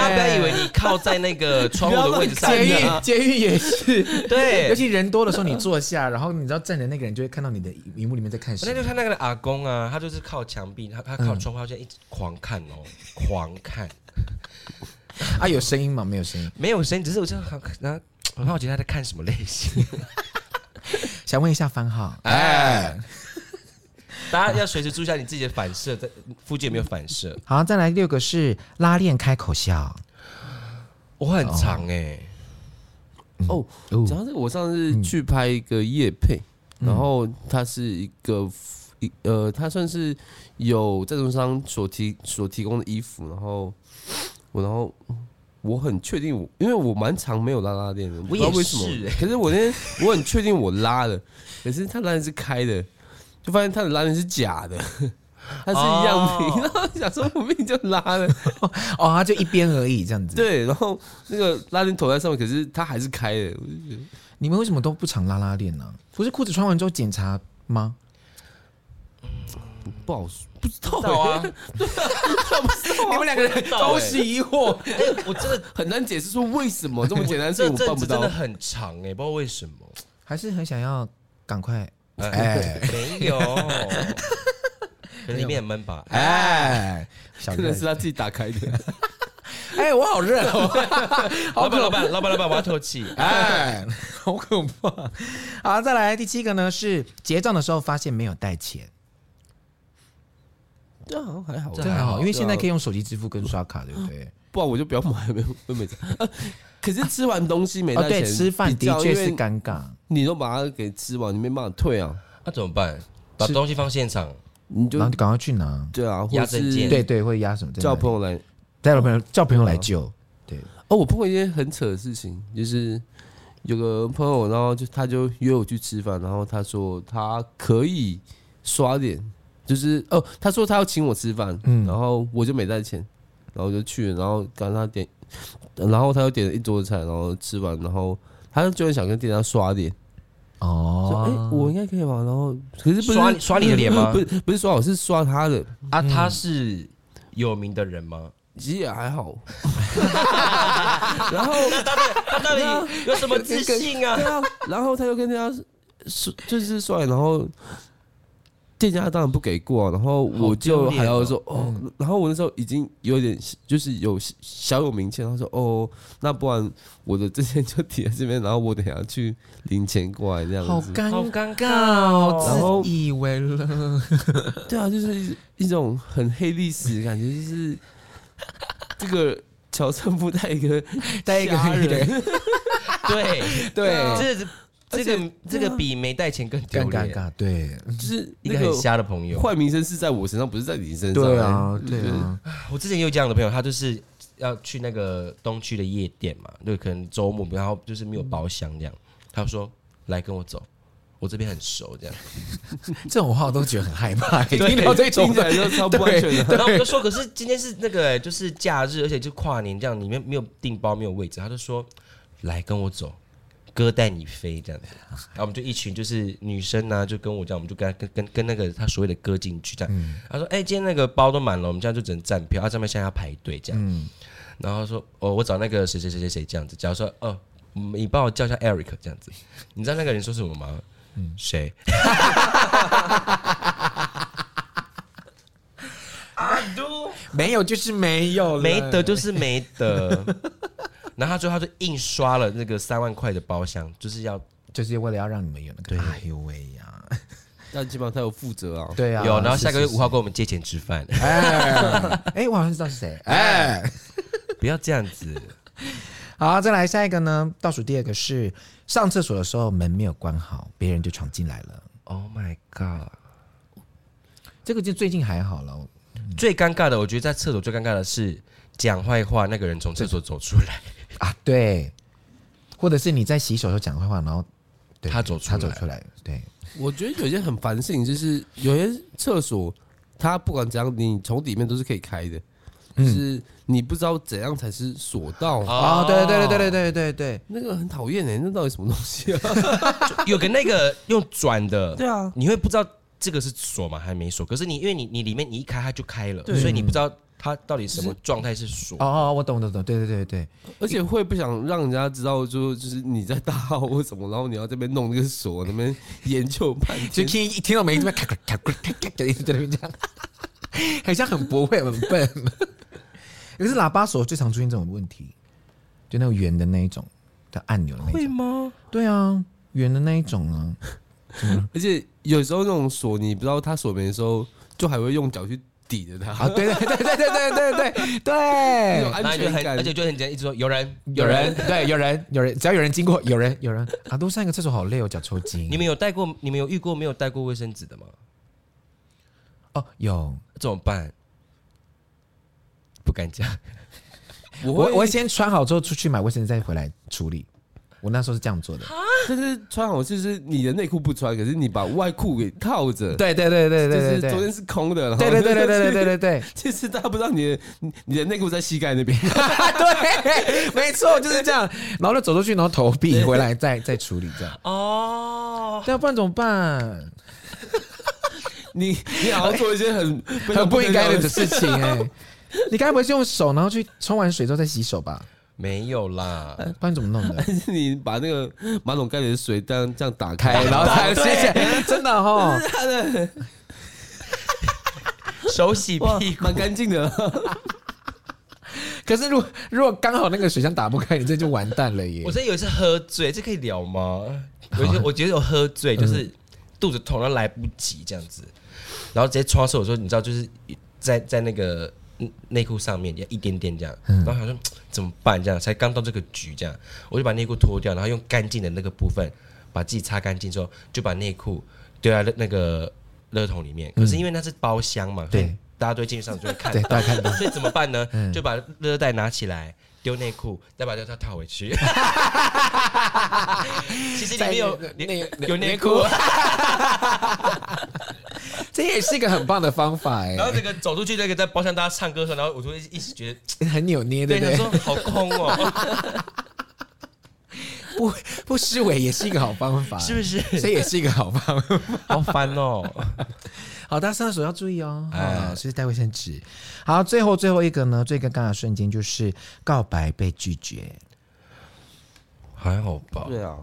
S2: 大家以為你靠在那
S1: 個窗戶的位置上呢、啊啊。監獄、監獄，也是，對，尤其人多的時候，你
S2: 坐下，然後你知道站着那個人就會看到你的屏幕裡面在看什麼。那就看
S1: 那個阿公啊，他就是靠牆壁，他靠窗戶，他靠窗戶就一直
S2: 狂看哦、嗯，狂看。啊，有聲音嗎？沒有聲音，沒有聲音，只是我真的很，很覺得他在看什麼類型。 想問一下番號。哎，哎，哎，哎。
S1: 哎哎哎大家要隨時注意一下你自己的反射，在附近有沒有反
S2: 射。好，再來六個是拉鏈開口笑，我很長
S1: 誒、欸。哦，主要是我上次去拍一個業配、嗯，然後它是一個一呃，它算是有贊助商所提所提供的衣服，然後我然後我很確定，因為我蠻常沒有拉拉鏈的，不知道為什麼。可是我那天 我很確定我拉了，可是它當然是開的。我發現他的拉鏈是假的，它是一樣的。Oh. 然後想說何必就拉了 哦，他就一邊而已，這樣子。對，然後那個拉鏈頭在上面，可是它還是開的。我就覺
S2: 得你們為什麼都不常拉拉鏈呢、啊？不是褲子穿完之後檢查嗎
S1: 不？不好說，不知道、欸、不知道啊。 你們兩個人都是疑惑， 我真的 很難解釋說為什麼這麼簡單，我這這這真的很長哎、欸， 不知道為什麼，
S2: 還是很想要
S1: 趕快。哎、欸，沒有，裡面很悶吧？哎、欸，真的是他自己打開的。哎 、
S2: 欸，我好熱哦！ 老闆，老闆，老闆，老闆，我要透氣。哎、欸，好恐怖！好，再來第七個呢，是結賬的時候發現沒有帶錢、
S3: 哦好啊好。對啊，還好，這還
S2: 好，因為現在可以用手機支付跟刷卡，對不對？對啊啊、不然我就不要買。沒沒啊、可是
S1: 吃完東西沒帶錢，啊哦、對吃飯的確是尷尬。你都把它給吃完，你沒辦法退啊，那、啊、怎麼辦？把東西放現場，
S2: 你就趕快去拿。對
S1: 啊，壓證件，對對，對，會壓手。叫朋
S2: 友來，帶了朋友、哦，叫朋友來救。啊、
S1: 對，哦，我碰過一件很扯的事情，就是有個朋友，然後就他就約我去吃飯，然後他說他可以刷臉，就是哦，他說他要請我吃飯、嗯，然後我就沒帶錢，然後我就去了，然後跟他點，然後他又點了一桌菜，然後吃完，然後他就想跟店家刷臉。哦、oh.，哎、欸，我應該可以吧？然後可是不是刷刷你的臉嗎？不是，不是刷，我是刷他的啊。他是有名的人嗎？其實也還好。 然後他到他到底有什麼自信啊？ 自信啊？對啊，然後他又跟人家說，就是帥，然後。店家當然不給過、啊，然後我就還要說哦、嗯、哦，然後我那時候已經有點就是有小有名氣，他說哦，那不然我的這些就貼在這邊，然後我等下去領錢過來這樣子，好尷尬，好尷尬哦，然後，自以為了，
S2: 對啊，就是
S1: 一種很黑歷史的感覺，就是這個喬瑟夫帶一個帶一個人，對 對，這是。這個、啊、這個比沒帶錢更尷尬，
S2: 對，就是一個很瞎的朋友，壞、
S1: 那個，名聲是在我身上，不是在你身上。對啊，就是，對啊。我之前有這樣的朋友，他就是要去那個東區的夜店嘛，對，可能週末，然、嗯、後就是沒有包廂這樣。他說：“來跟我走，我這邊很熟。”這樣，
S2: 嗯、 這種話我都覺得很害怕， 聽到這種感覺，聽起來就超不安全的。然後我就說：“
S1: 可是今天是那個就是假日，而且就跨年這樣，裡面沒有訂包，沒有位置。”他就說：“來跟我走。”哥帶你飛這樣子，然、啊、後我們就一群就是女生呢、啊，就跟我講，我們就跟他跟跟跟那個他所謂的哥進去這樣。嗯、他說：“哎、欸，今天那個包都滿了，我們這樣就只能站票啊，上面現在要排隊這樣。嗯”然後說：“哦，我找那個誰誰誰誰誰這樣子。”假如說：“哦，你幫我叫一下 Eric 這樣子。”你知道那個人說什麼嗎？嗯，誰？阿 都沒有，就是沒有，沒得就是沒得。 然後他就就印刷了那個三萬塊的包廂，就是要就是為了要讓你們有那個。對對。哎呦喂呀！但 基本上他有負責啊。對啊。有，然後下個月五號跟我們借錢吃飯。是是是 哎。哎，我好像知道是誰。哎。
S2: 不要這樣子。 好，再來下一個呢，倒數第二個是上廁所的時候門沒有關好，別人就闖進來了。Oh my god！這個就最近還好了。嗯，
S1: 最尷尬的，我覺得在廁所最尷尬的是講壞話那個人從廁所走出來。
S2: 啊，對，或者是你在洗手時候講壞話，然後他走出，他走出來了，走出來了，
S1: 對，我覺得有些很煩的事情，就是有些廁所它不管怎樣，你從裡面都是可以開的，就、嗯、是你不知道怎樣才是鎖到、嗯、啊，對對對對對對對，那個很討厭哎，那到底什麼東西、啊？ 有個那個用轉的，對啊，你會不知道這個是鎖嘛還是沒鎖？可是你因為你你裡面你一開它就開了，所以你不知道。
S2: 它到底什麼狀態是鎖？哦，我懂懂懂，對對對對。
S1: 而且會不想讓人家知道，就就是你在大號或什麼，然後你要這邊弄個那個鎖，那邊研究半天，
S2: 所以聽一聽到沒，這邊咔咔咔咔咔咔一直在那邊講， 很像很不會，很笨。 可是喇叭鎖最常出現這種問題，就那種圓的那一種的按鈕的，會嗎？對啊，圓的那一種啊。嗯。而且
S1: 有時候那種鎖，你不知道它鎖門的時候，就還會用腳去。抵着他。哦，對對對對對對對
S2: 對對，有安全感，就
S1: 很，而且就是一直說有人有人，有人，對有
S2: 人有人，只要有人經過有人有人，很多、啊、上一個廁所好累哦，腳抽筋。
S1: 你們有帶過，你們有遇過沒有帶過衛生紙的嗎？
S2: 哦，有，怎麼辦？不敢講，我我先穿好之後出去買衛生紙再回來處理。我那時候是這樣做的，就是穿好，
S1: 就是你的內褲不
S2: 穿，可是你把外
S1: 褲給套着。對對對，對對對對對，就是中間是空的，就是，對對對對對對對對，就是大家不知道你的你的內褲在膝蓋那邊。 對，沒錯，就是這樣。然
S2: 後就走出去，然後投幣回來，對對對，再再處理這樣。哦，要不然怎麼辦？你你好好做一些很很不應該的，的事情哎，欸！ 你該不會是用手，然後去沖完水之後再洗手吧？沒有啦，不然怎
S1: 麼弄的、啊？ 你把那個馬桶蓋裡的水這樣，這樣打開，然後才洗起來真的哈、哦。 手洗屁股蠻乾
S2: 淨的。 可是如果如果剛好那個水箱打不開，你這就完蛋了耶。我真有一次
S1: 喝醉，這可以聊嗎？我覺得我覺得有喝醉，就是肚子痛都來不及這樣子，然後直接衝手說你知道，就是在在那個。內褲上面也一點點這樣，然後他說、嗯、怎麼辦這樣？才剛到這個局這樣，我就把內褲脫掉，然後用乾淨的那個部分把自己擦乾淨之後，就把內褲丟在那那個垃圾桶裡面、嗯。可是因為那是包廂嘛，對，大家都進去上就會看到，對，大家看到，所以怎麼辦呢？嗯、就把垃圾袋拿起來丟內褲，再把垃圾袋套回去。
S2: 其實裡面有 內有內褲、啊。 這也是一個很棒的方法哎、欸。然後
S1: 這個走出去，這個在包廂大家唱歌的時候，然後我就會一直覺
S2: 得很扭捏的。對，你、就是、說好空
S1: 哦。
S2: 不不失為也是一個好方法，是不是？這也是一個好方法，好煩哦。好，大家上廁所要注意哦，好，隨時帶衛生紙。好，最後最後一個呢，最尷尬的瞬間就是告白被拒絕。還好吧。對啊，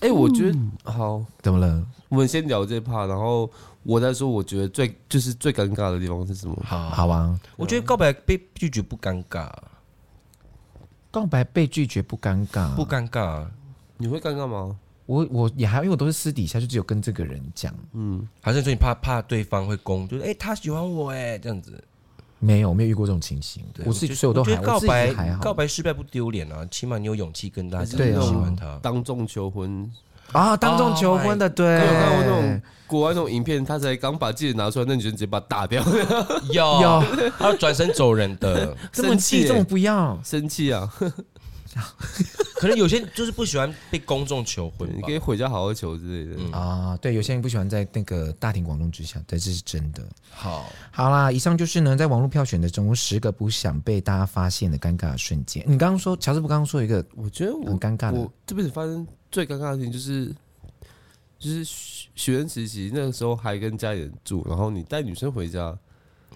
S2: 哎、欸，我覺得、嗯、好，怎麼了？
S1: 我們先聊這 part 然後我再說，我覺得最就是最尷尬的地方是什麼？好好吧啊，我覺
S2: 得告白被拒絕不尷尬，告白被拒絕不尷尬，不尷尬，你會尷尬嗎？我我也還，因為我都是私底下就只有跟這個人講，嗯，還
S1: 是說你怕怕對方會攻，就是哎、欸、他喜歡我哎、欸、這樣子。沒有，我
S2: 沒有遇過這種情形。對。對我，我，我，我自己所有都還好，告白告
S1: 白失敗不丟臉啊，起碼你有勇氣跟大家對喜歡他，當眾求婚啊，當眾求婚的，哦、對。我看過那種國外那種影片，他才剛把戒指拿出來，那女生直接把他打掉，有有。他轉身走人的， 這麼激動，欸、不要，生氣啊。 可能有些人就是不喜歡被公眾求婚， 你可以回家好好求之類的，嗯。
S2: 啊，對，有些人不喜歡在那個大庭廣眾之下，對，這是真的。好，好啦，以上就是呢，在網絡票選的中，我十個不想被大家發現的尷尬的瞬間。你剛剛說，喬瑟夫剛剛說一個，我覺得很尷尬。我
S1: 這輩子發生最尷尬的事情就是，就是學生時期那個時候還跟家裡人住，然後你帶女生回家，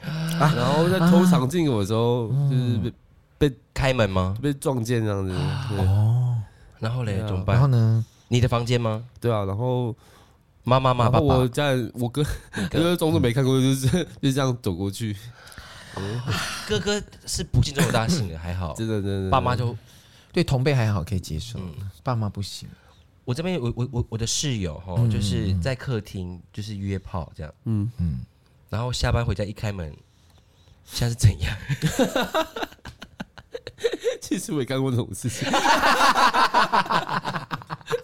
S1: 啊、然後在偷藏進我的時候，啊、就是被。嗯被開門嗎？被撞見這樣子，哦，然後嘞、啊、怎麼辦？然後呢？你的房間嗎？對啊，然後媽媽媽爸爸，我在我哥哥哥裝作沒看過，就是、嗯、就這樣走過去。嗯、哥哥是不近這麼大性，還好，真的 真的。爸媽就
S2: 對同輩還好，可以接受，嗯、爸媽不行。我這邊我我我我的室友哈、嗯，就是在客廳
S1: 就是約炮這樣，嗯嗯，然後下班回家一開門，現在是怎樣？ 其實我也幹過這種事情。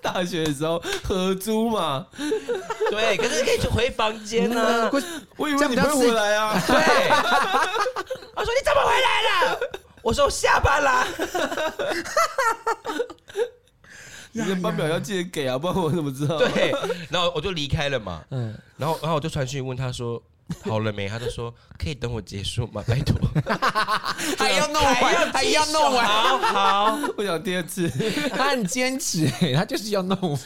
S1: 大學的時候合租嘛 ，
S3: 對，可是可以去回
S1: 房間呢？啊。我以為你不會回來啊。對， 我說你怎麼回來了？我說我下班了。 你的班表要記得給啊，不然我怎麼知道，啊啊？對，然後我就離開了嘛。嗯，然後然後我就傳訊問他說。好了沒？他都說可以等我結束嘛，拜託。
S3: 還要弄完，還要，還要弄完，好好。
S2: 我想第二次。他很堅持欸，他就是要弄完，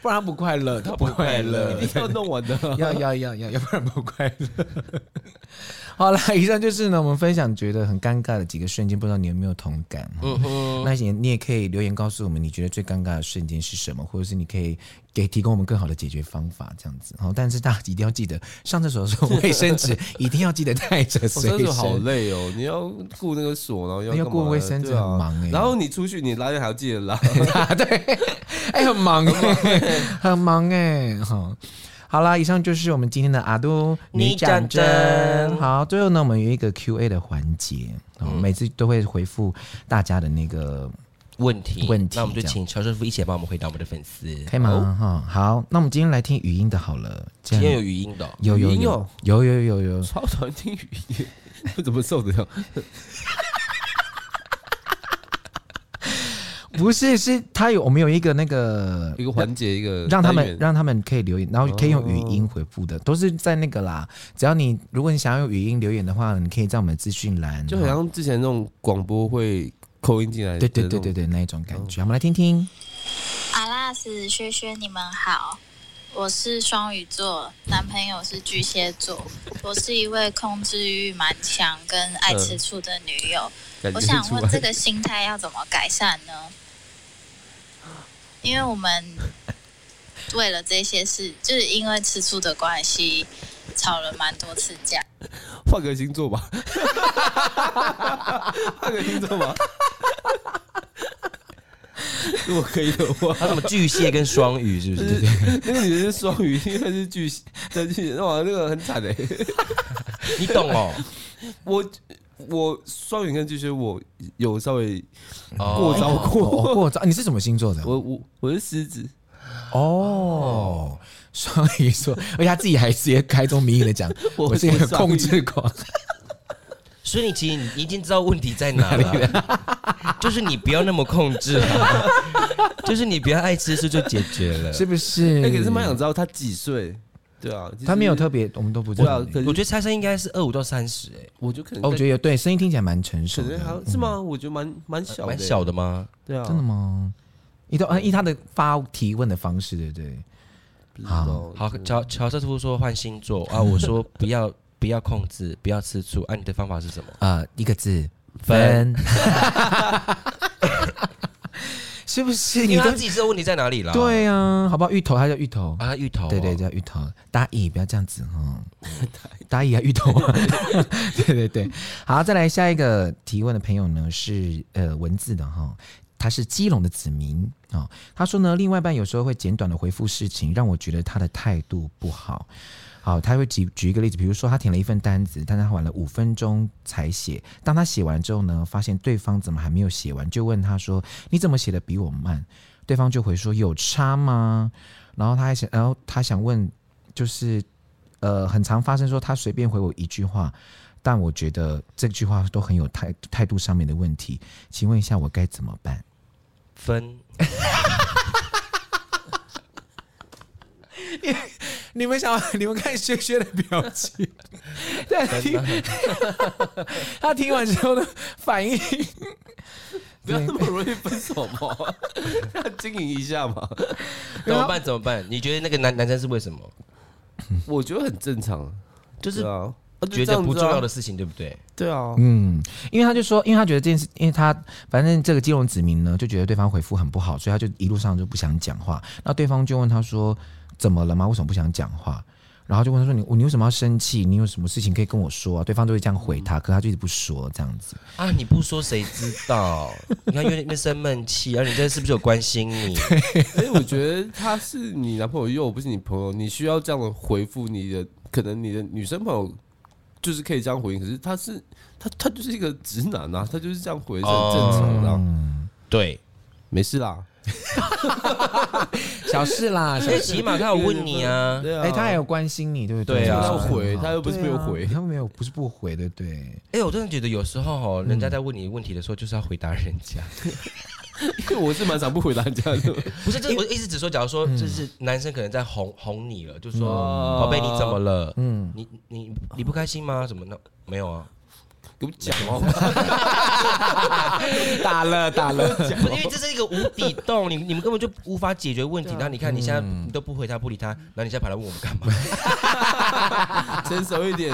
S2: 不然他不快樂，他不快樂。他不快樂，你一定要弄我的，要要要要，要，要不然不快樂。好啦，以上就是呢，我們分享覺得很尷尬的幾個瞬間，不知道你有沒有同感？嗯，嗯那也你也可以留言告訴我們，你覺得最尷尬的瞬間是什麼，或者是你可以給提供我們更好的解決方法，這樣子好。但是大家一定要記得上廁所的時候衛生紙一定要記得帶着，真、嗯、的、嗯嗯嗯哦、好累
S1: 哦！你要顧那個鎖哦，然後要顧衛生紙，忙哎、啊。然後你出去，你拉鏈還要記得拉，對、啊，哎、欸，很忙哎、欸，
S2: 很忙哎、欸，好啦，以上就是我們今天的阿杜你講真。好，最後呢，我們有一個 Q A 的環節，每次都會回復大家的那個問題。問題，那我們就請
S1: 喬瑟夫一起幫我們回答我們的粉絲，可、okay、以嗎？Oh?
S2: 哈，好，那我們今天來聽語音的，好了。今天有語音的、哦，有有有有有有有有，有。超喜歡聽語音，不怎麼受得了。 不是，是他有我們有一個那個一個環節，一個讓他們，讓他們可以留言，然後可以用語音回復的，都是在那個啦。只要你如果你想要用語音留言的話，你可以在我們資訊欄，就
S1: 好像之前那種廣播會 call in 進來，對對對對對那一種感覺，哦。我們來聽聽，阿拉斯軒軒，你們好，我是雙魚座，男朋友是巨蟹座，我是一位控制欲蠻強跟愛吃醋的女友，我想問這個心態要怎麼改善呢？因為我們為了這些事，就是因為吃醋的關係，吵了蠻多次架。換個星座吧。換 個星座吧。 如果可以的話，啊，什麼巨蟹跟雙魚是不是？是，對對對，那個女人是雙魚，因為她是巨蟹，巨蟹。真的哇，那個很慘的 你懂哦，我。我雙魚跟巨蟹，我有稍微過招過我我我，哦欸哦，過
S2: 招。你是什麼星座的？
S1: 我我我是獅子。
S2: 哦，雙魚座，而且他自己還直接開宗明義的講， 我，我是一個控制狂。
S1: 所以你其實已經知道問題在哪了，啊，哪裡了，就是你不要那麼控制，啊，就是你不要愛吃醋就解決了，是不
S2: 是？那，欸，個是蠻想知道他幾歲。
S1: 對啊，他沒有特別，我們都不知道、欸啊。我覺得猜聲應該是二五到三十、欸，哎，我就可能、oh, 我可能嗯。我覺得也對，
S2: 聲音聽起來蠻成熟，是、啊、嗎？
S1: 我覺得蠻蠻小，蠻小的嗎？
S2: 對啊，真的嗎？以他，以、啊、他的發提問的方式，對對，對不。好好，喬喬
S1: 瑟夫說換星座 啊！我說不要不要控制，不要吃醋。哎、啊，你的方法是什麼？
S2: 啊、呃，一個字，分。 是不是？你為自己知道問題在哪裡了。對啊，好不好？芋頭，他叫芋頭啊，芋頭、哦，對對，叫芋頭。大義，不要這樣子哈，大義 啊，芋頭， 對對對。好，再來下一個提問的朋友呢，是呃文字的哈，他是基隆的子民啊。他說呢，另外一半有時候會簡短的回覆事情，讓我覺得他的態度不好。好，他會舉舉一個例子，比如說他填了一份單子，但他晚了五分鐘才寫。當他寫完之後呢，發現對方怎麼還沒有寫完，就問他說：“你怎麼寫得比我慢？”對方就回說：“有差嗎？”然後他還想，然後他想問，就是，呃，很常發生說他隨便回我一句話，但我覺得這句話都很有態態度上面的問題，請問一下我該怎麼辦？分。 你們想，你們看軒軒的表情， 但你 他聽完之後的反應， 不要那麼容易分
S1: 手嘛、啊？ 要經營一下嘛？ 怎麼辦？怎麼辦？你覺得那個男 男生是為什麼？我覺得很正常， 就是啊，覺得不重要的事情，對不、啊、對、啊？對啊，
S2: 嗯，因為他就說，因為他覺得這件事，因為他反正這個金融子民呢，就覺得對方回復很不好，所以他就一路上就不想講話。那對方就問他說，怎麼了嗎？為什麼不想講話？然後就問他說你：“你你為什麼要生氣？你有什麼事情可以跟我說、啊？”對方都會這樣回他，嗯、可他就一直不說，這樣子
S1: 啊？你不說誰知道？ 你看有點悶、啊，因為你生悶氣，而人家是不是有關心你？所以我覺得他是你男朋友，因為我不是你朋友，你需要這樣的回覆。你的可能你的女生朋友就是可以這樣回應，可是他是他他就是一個直男啊，他就是這樣回是很正常啦、哦嗯。對，沒事啦。
S2: 小事啦，所以、欸、起碼他有問你啊，對、欸、哎，他還有關心你，對不對？對啊，回、啊、他，他又不是沒有回，啊、他沒有不是不回對不對？哎、欸，我真的覺得
S1: 有時候哦，人家在問你問題的時候，就是要回答人家。嗯、 因為我是蠻想不回答人家的， 不是？就是、我意思是說，假如說就是男生可能在哄哄你了，就說寶貝、嗯、你怎麼了？嗯，你你你不開心嗎？怎麼呢？沒有啊。有獎哦！打了打了，因為這是一個無底洞，你你們根本就無法解決問題。然後、啊、你看、嗯、你現在你都不回他不理他，然後你現在跑來問我們幹嘛？成熟一點，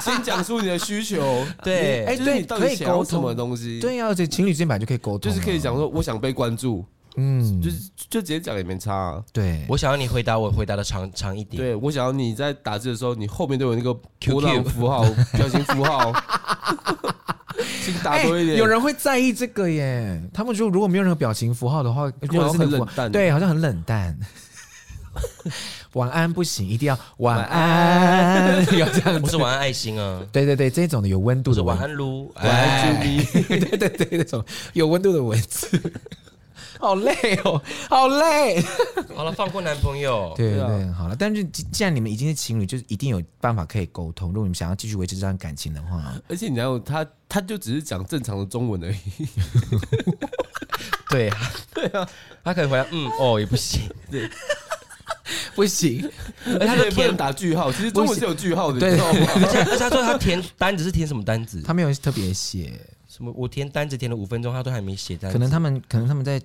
S1: 先 先講出你的需求。對，哎、就是、對，可以溝通的東西。對呀、啊，
S2: 而且情侶之間本來就可以溝通，就是可以講說我想被關注。嗯，
S1: 就是就直接講也沒差。啊，對，我想要你回答，我回答的長長一點。對我想要你在打字的時候，你後面都有那個波浪符號、Q -Q 表情符號，
S2: 是不是打多一點、欸？有人會在意這個耶？他們如果如果沒有任何表情符號的話，如果是好像很冷淡。對，好像很冷淡。 晚安不行，一定要晚安，要 這樣的。不是晚安愛心啊？對對對，這種的有溫度的晚安，擼晚安，祝你。對對對，那種有溫度的文字。好累哦，好累。好
S1: 了，放過男朋友。 對，對對，
S2: 好了。但是既然你們已經是情侶，就是一定有辦法可以溝通。如果你們想要繼續維持這段感情的話，而
S1: 且你知道，他他就只是講正常的中文而已。 對啊，對啊，他可能回答：“嗯，哦，也不行，不行對，不行。”而且他也不能打句號，其實中文是有句號的，對。你知道嗎？而且而且他說他填單子是填什麼單
S2: 子？ 他沒有特別寫。
S1: 什麼？我填單子填了五分鐘，他都還沒寫單子。可能他
S2: 們，可能他們在，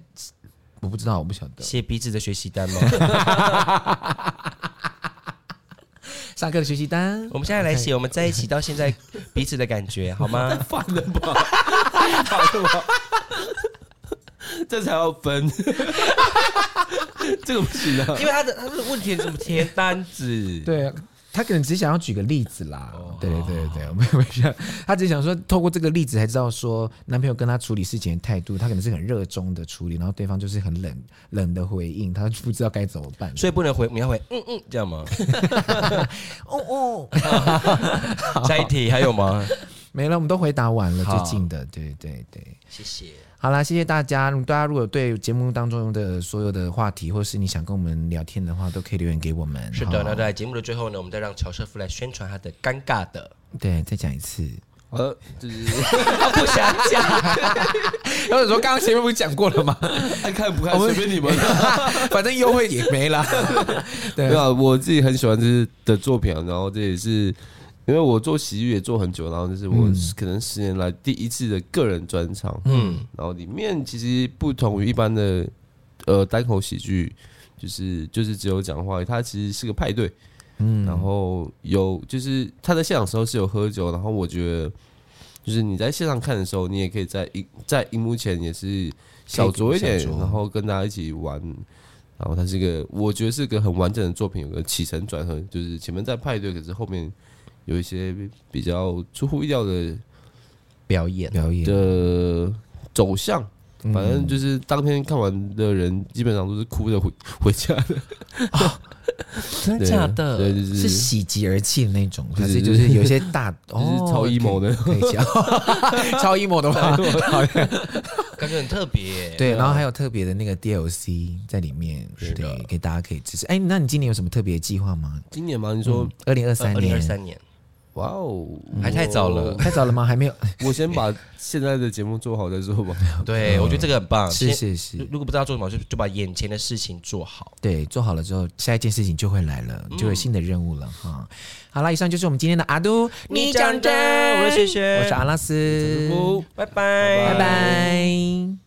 S2: 我不知道，我不曉得。寫彼此的學習單嗎？
S1: 上課的學習單。我們現在來寫、okay. 我們在一起到現在彼此的感覺，好嗎？ 放了吧， 放不好了， 這才要分， 這個不行啊！因為他的他的問題怎麼填單
S2: 子？ 對啊。他可能只想要舉個例子啦，對、哦、對對對對，哦、我沒想，他只想說透過這個例子，才知道說男朋友跟他處理事情的態度，他可能是很熱衷的處理，然後對方就是很冷冷的回應，他就不知道該怎麼辦，所以不能回，你要回嗯嗯，這樣嗎？哦 哦，下、哦 哦、一題還有嗎？ 沒了，我們都回答完了，最近的，對對對，謝謝。好啦，謝謝大家。大家如果對節目當中的所有的話題，或是你想跟我們聊天的話，都可以留言給我們。是的，那在
S1: 節目的最後呢，我們再讓喬瑟夫來宣傳他的尷尬的。
S2: 對，再講一次。呃，就是、 他不想
S1: 講。
S2: 有 人 說，剛剛前面不是講過了嗎？愛 看不看隨便你們， 反正優惠也沒了。 對
S1: 啊， 我自己很喜歡他的作品啊，然後這也是。因為我做喜劇也做很久，然後就是我可能十年來第一次的個人專場，嗯，嗯，然後裡面其實不同於一般的呃單口喜劇，就是就是只有講話，它其實是個派對，嗯，然後有就是他在現場時候是有喝酒，然後我覺得就是你在現場看的時候，你也可以在一在熒幕前也是小酌一點，然後跟大家一起玩，然後它是一個我覺得是個很完整的作品，有個起承轉合，就是前面在派對，可是後面。有一些比較出乎意料的表演、表演的走向，嗯、反正就是當天看完的人基本上都是哭着回回家的啊、哦， 真的假的？對對就是、是喜
S2: 極而泣的那種，還是就是有些大，就是、就是哦、okay, 超 emo 的 okay, 超 emo 的吧，對，感覺很特別。對，然後還有特別的那個 DLC 在裡面對，對，給大家可以支持。哎、欸，那你今年有什麼特別計劃嗎？
S1: 今年嗎？你說二零二三年，二零二三年。哇、wow, 哦、嗯，還太早了，太早了嗎？還沒有， 我先把現在的節目做好再說吧。 對、嗯，我覺得這個很棒，謝謝是是是。
S2: 如果不知道做什麼，就就把眼前的事情做好。對，做好了之後，下一件事情就會來了，嗯、就有新的任務了哈。好了，以上就是我們今天的阿都，你講的，我的謝謝，我是阿拉斯，拜
S1: 拜，拜拜。拜
S2: 拜